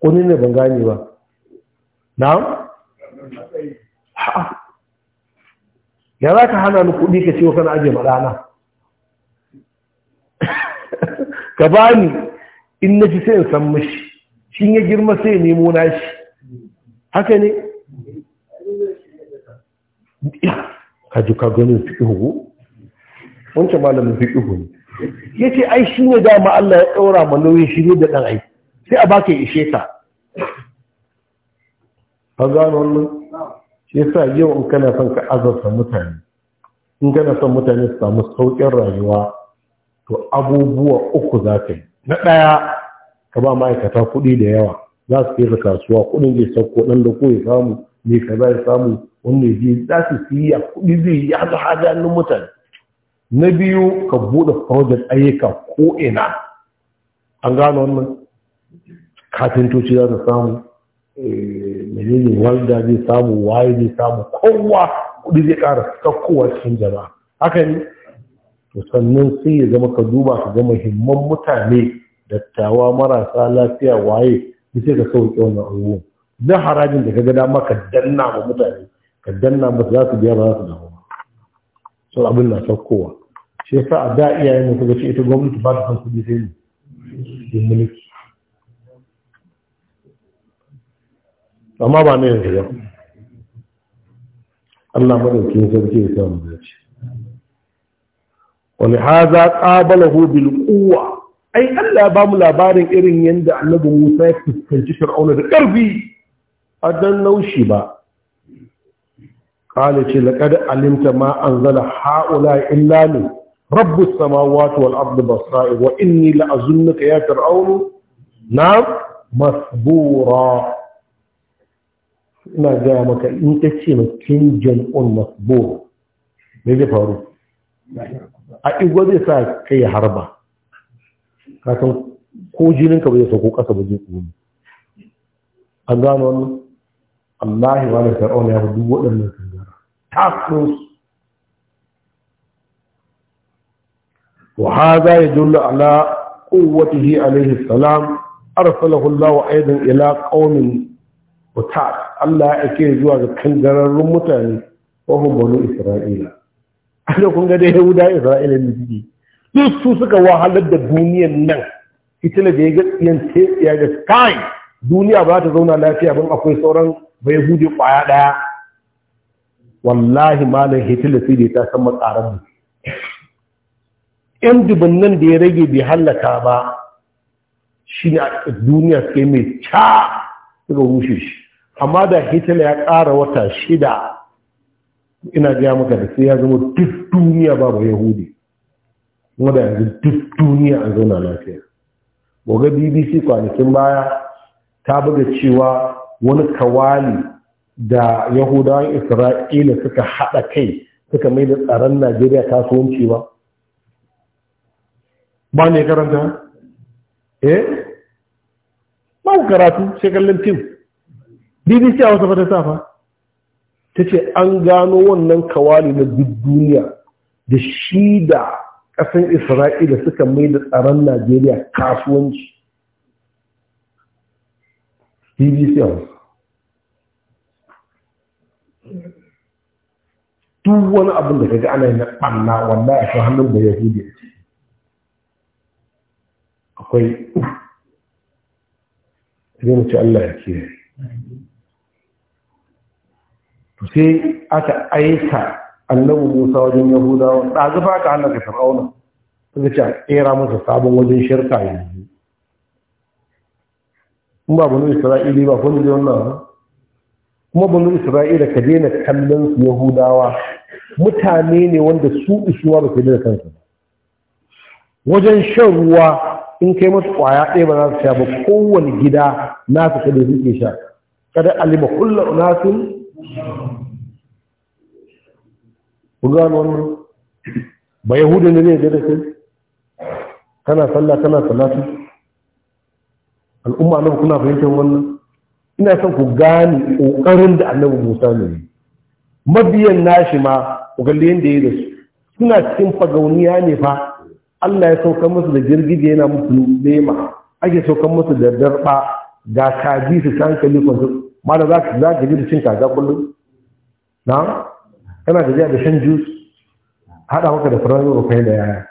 ko ne ban gane ba na? ya za ka hana ni kuɗi ka ciwo kana ajiye marana ka ba ni in na fi sai in san mashi shi ya girma sai nemo na shi haka ne ka ji ka ganin fi ihu wancan malamin fi ihu ne ya ce ai shi ne dama Allah ya ɗaura ma nauyin shi ne da ɗan aiki sai a ka ishe ka ka gano wannan shi yasa yau in kana son ka azarta mutane in kana son mutane su samu sauƙin rayuwa to abubuwa uku za ka yi na ɗaya ka ba ma'aikata kuɗi da yawa za su kai kasuwa kuɗin zai sauko ɗan da ko ya samu mai kaza ya samu wanda ya je za su ya kuɗi zai yi haɗa hajjanin mutane na biyu ka buɗe project ayyuka ko ina an gano wannan kafintoci za su samu eh, menene wanda zai samu waye zai samu kowa kudi zai kara saukowa cikin jama'a haka ne to sannan sai ya zama ka duba ka ga muhimman mutane dattawa marasa lafiya waye sai ka sauke wannan abubuwan harajin da ka gada dama ka danna ma mutane ka danna ba za su biya ba za su damu ba so abin na saukowa shi yasa a da iyayen mu ga ce ita gwamnati ba ta san kuɗi sai ne amma ba na yanzu ba Allah madaukin sarki ya samu dace wani haza qabalahu bil quwwa ai Allah ba mu labarin irin yadda annabi Musa ya fuskanci Fir'auna da ƙarfi a dan naushi ba ƙalace ce laqad alimta ma anzala haula illa li rabbus samawati wal ardi basra'i wa inni la azunnaka ya fir'aun na masbura ina gaya maka in ta ce ma kim on un masbo mai zai faru a igwa zai sa kai ya harba kasan ko jinin ka bai sauko kasa ba zai tsoro an gano wannan Allah ya da fir'auna ya fi duk waɗannan kangara tasos wa hadha dole ala quwwatihi alaihi salam arsala hulawa aidan ila ƙaunin utat Allah ya ake zuwa ga kangararrun mutane wahun banu Isra'ila. Ana kun ga da Yahuda Isra'ila ne biyu. Duk su suka wahalar da duniyan nan. Hitler da ya ga tsiyan ya ga sky. duniya ba ta zauna lafiya ban akwai sauran bai hudu kwaya ɗaya. Wallahi malam Hitler sai da ta san matsaran mu. Yan nan da ya rage bai hallaka ba shi ne a duniya suke mai ca suka rushe shi. amma da hitler ya ƙara wata shida ina gaya maka da sai ya zama duk duniya babu yahudi kuma da yanzu duk duniya a zauna lafiya boga bbc kwanakin baya ta buga cewa wani kawali da yahudawan isra'ila suka haɗa kai suka mai da tsaron najeriya kasuwanci ba ba ne karanta eh ba karatu sai tim bbc a wasu fata safa ta ce an gano wannan kawali na duk duniya da shi da ƙasan isra'ila suka mai da tsaron najeriya kasuwanci bbc a wasu duk wani abin da kaga ana yi na ɓanna wanda a hannun da yahudi akwai zai mace allah ya kiyaye sai aka aika annabi musa wajen yahudawa ɗazu fa ka hannaka fir'auna suka ce a ƙera masa sabon wajen shirka yanzu Kuma ba bunu isra'ili ba kun ji wannan ba kuma bunu isra'ila ka daina kallon su yahudawa mutane ne wanda su isuwa ba su da kansu wajen shan ruwa in kai masu kwaya ɗaya ba za su sha ba kowane gida nasu kada suke sha kada alima kullu nasu ku gano wannan ba yahudu ne ne da kai kana sallah kana salatu al'umma annabi kuna fahimtar wannan ina son ku gane kokarin da annabi Musa ne mabiyan nashi ma ku kalli yanda yi da su suna cikin fagauniya ne fa Allah ya saukar musu da girgije yana musu nema ake saukar musu da darba ga kaji su hankali kwanci mala za ka za ji da cin kaza kullum na kana da jiya da shan jus haɗa maka da furan rufai da yaya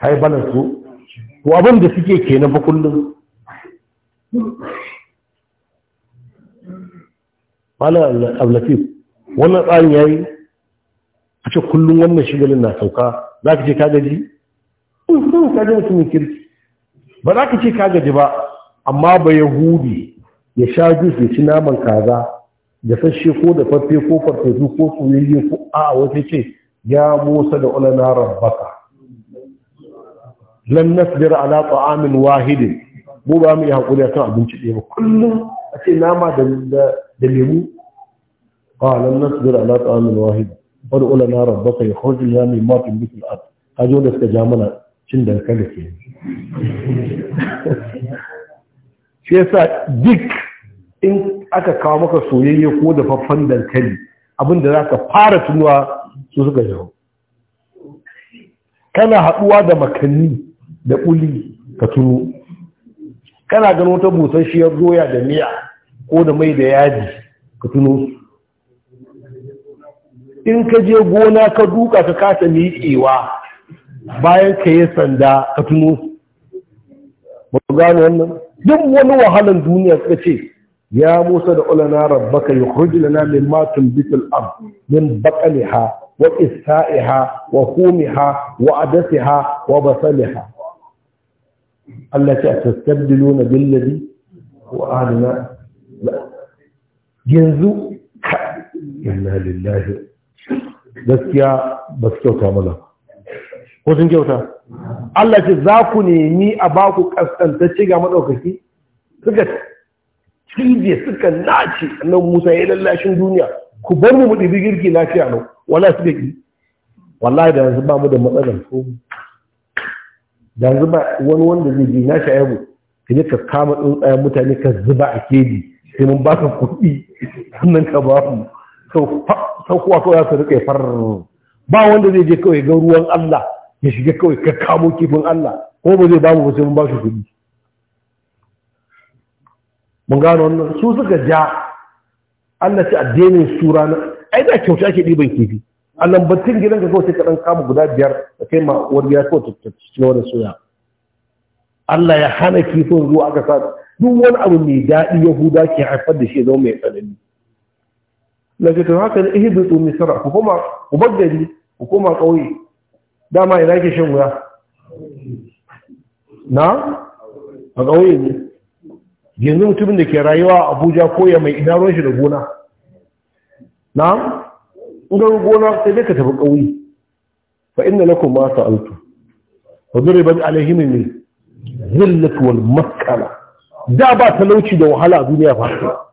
ai balance ko to abin da suke kenan fa kullum mala ablatif wannan tsarin yayi a ce kullum wannan shigalin na sauka za ka ce ka gaji kirki ba za ka ce ka gaji ba amma ba yahudi ya sha jus ya ci naman kaza da sashe ko da farfe ko farfesu ko soyayye ko a wata ce ya musa da ulana rabbaka lan nasbir ala ta'amin wahidin mu ba mu yi hakuri akan abinci ɗaya ba kullum a ce nama da da lemu ba lan nasbir ala ta'amin wahidin wani ulana rabbaka ya kharji lana min ma fi mithl al-ard da suka ja mana cin dankali ke shi yasa duk in aka kawo maka soyayye ko da faffan dankali abinda za ka fara tunuwa su suka jawo kana haɗuwa da makanni da ƙuli ka tuno kana gano ta busasshiyar doya da miya ko da mai da yaji ka tuno in ka je gona ka duka ka kasa miƙewa bayan ka yi sanda ka tuno ba gano wannan duk wani wahalan duniya suka ce ya musa da ulana rabbaka yukhrij lana mimma tunbitul ard min baqliha wa Isa'iha, wa humiha wa adasiha wa basaliha Allah ce a ya tastabdiluna billadhi wa ahlina yanzu inna lillahi gaskiya ba su kyauta mana ko sun kyauta Allah ce za ku nemi a ba ku kaskantacce ga maɗaukaki suka cibiyar suka nace nan musa ya lallashin duniya ku bar mu muɗi girki lafiya nan wala su da ki wallahi da yanzu ba mu da matsalar ko da yanzu ba wani wanda zai ji na shayabu ka je ka kama tsuntsayen mutane ka zuba a keji sai mun baka kuɗi sannan ka ba mu sau kuwa kawai za su rika farar ba wanda zai je kawai ga ruwan Allah ya shiga kawai ka kamo kifin Allah ko ba zai bamu ba sai mun ba shi mun gano wannan su suka ja Allah ce addinin sura na ai da kyauta ake diban kifi Allah batun gidan ka kawai sai ka ɗan kama guda biyar da kai ma uwar gida kawai ta cikin wani soya Allah ya hana kifin zuwa aka sa duk wani abu mai daɗi Yahuda ke haifar da shi zama mai tsanani lafiya haka ne ihibitu misra ku koma ku gari ku kuma dama ina ke shan wuya na a ƙauye ne yanzu mutumin da ke rayuwa a abuja koya mai ina shi da gona na ɗan gona sai dai ka tafi ƙauye fa inda lakum ma sa'altu wa duribat alaihim min ne zillatuwal makala da ba talauci da wahala a duniya ba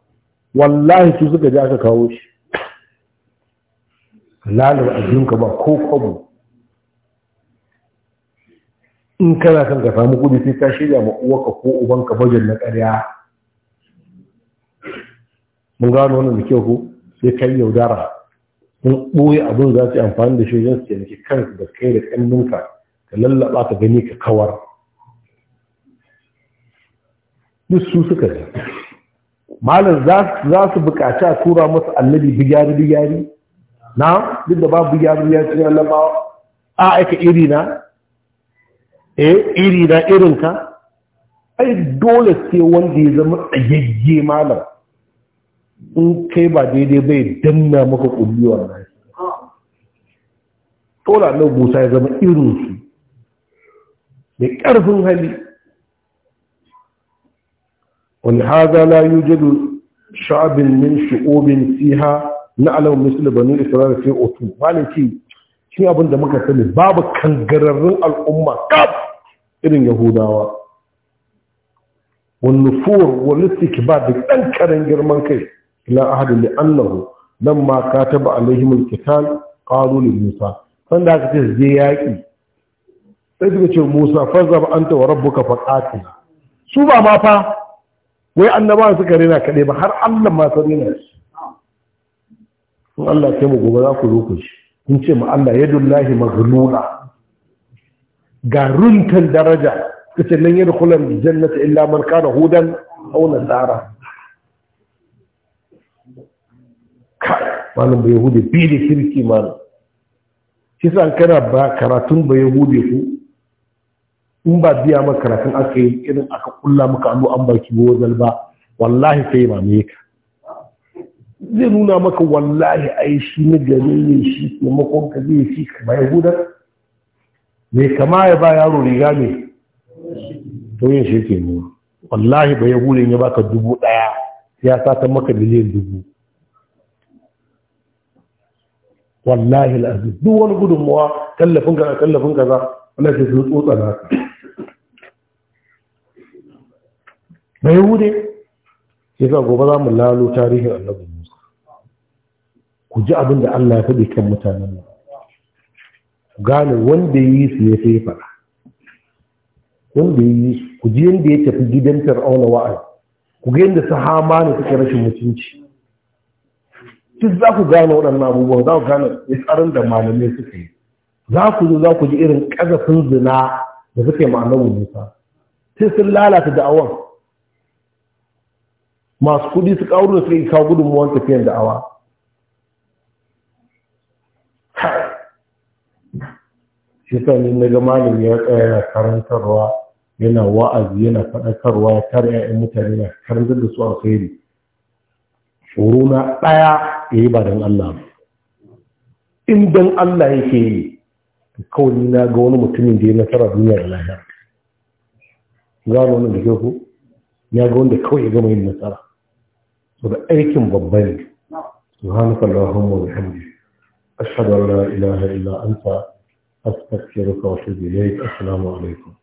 wallahi su suka ji aka kawo shi lalar abinka ba ko kwabo in kana kan ka samu kudi sai ka shirya ma uwarka ko ubanka bajin na ƙarya mun gano wannan da kyau ko sai kai yaudara Mun ɓoye abin za su yi amfani da shi don su taimaki kansu da kai da ƙanninka ka lallaɓa ka gani ka kawar duk su suka yi malam za su buƙaci a tura masa annabi bigyari-bigyari na duk da babu bigyari-bigyari cikin annabawa a aika iri na eh iri na irinka ai dole sai wanda ya zama tsayayye malam in kai ba daidai bai danna maka kulliwa na dole annabi busa ya zama irinsu da ƙarfin hali wani haza la yujidu sha'abin min shiobin fiha na alam misal banu isra'ila sai otu malaki shi abinda muka sani babu kangararrun al'umma kaf irin yahudawa wani fuhur wani suke ba da ɗan karin girman kai ila ahadu da annahu nan ma ka taba alaihimul kitan ƙarulun musa san da aka ce su je yaƙi sai suka ce musa fanza ba an tawa rabbuka fa ƙatila su ba ma fa wai annaba suka rina kaɗai ba har allah ma sa rina. shi in allah ke mu gobe za ku zo ku in ce ma allah yadullahi maghlula ga runtan daraja ce nan yin kulan jannata illa man kana hudan auna tsara. kai malam bai hude biyu da kirki malam shi sa kana ba karatun bai hude ku in ba biya maka karatun aka yi irin aka kulla maka allo an baki wozal ba wallahi sai me ka zai nuna maka wallahi ai shi na gane ne shi taimakon ka zai shi ka bai hudar mai kama ya ba yaro riga ne tauyin shi ke nuna wallahi ba hulun ya baka dubu ɗaya ya ta maka miliyan dubu wallahi al'aziz duk wani gudunmawa tallafin kaza tallafin kaza wanda ke sun tsotsa na ka ba yahude ya sa gobe za mu lalo tarihin annabi musa ku ji abin da allah ya faɗi kan mutanen nan gane wanda ya yi su ya sai fara wanda ya yi su ku ji yadda ya tafi gidan fir'auna wa'ai ku ga yadda sahama ne suke rashin mutunci duk za ku gane waɗannan abubuwan za ku gane tsarin da malamai suka yi za ku zo za ku ji irin ƙazafin zina da suke ma'anar ma'anabu sai sun lalata da'awan masu kudi su ƙauru da suka yi kawo gudunmuwan tafiyan da'awa shi ne na ga malam ya tsaya yana karantarwa yana wa'azi yana faɗakarwa ya kare 'ya'yan mutane ya karantar da su alkhairi tsoro ɗaya ya yi ba don Allah ba in don Allah yake yi kawai na ga wani mutumin da ya nasara duniyar lahira gano wani da ku ya ga wanda kawai ya gama yin nasara so da aikin babba ne subhanakallahumma wa bihamdika ashhadu an la ilaha illa anta أستغفرك وأتوب إليك السلام عليكم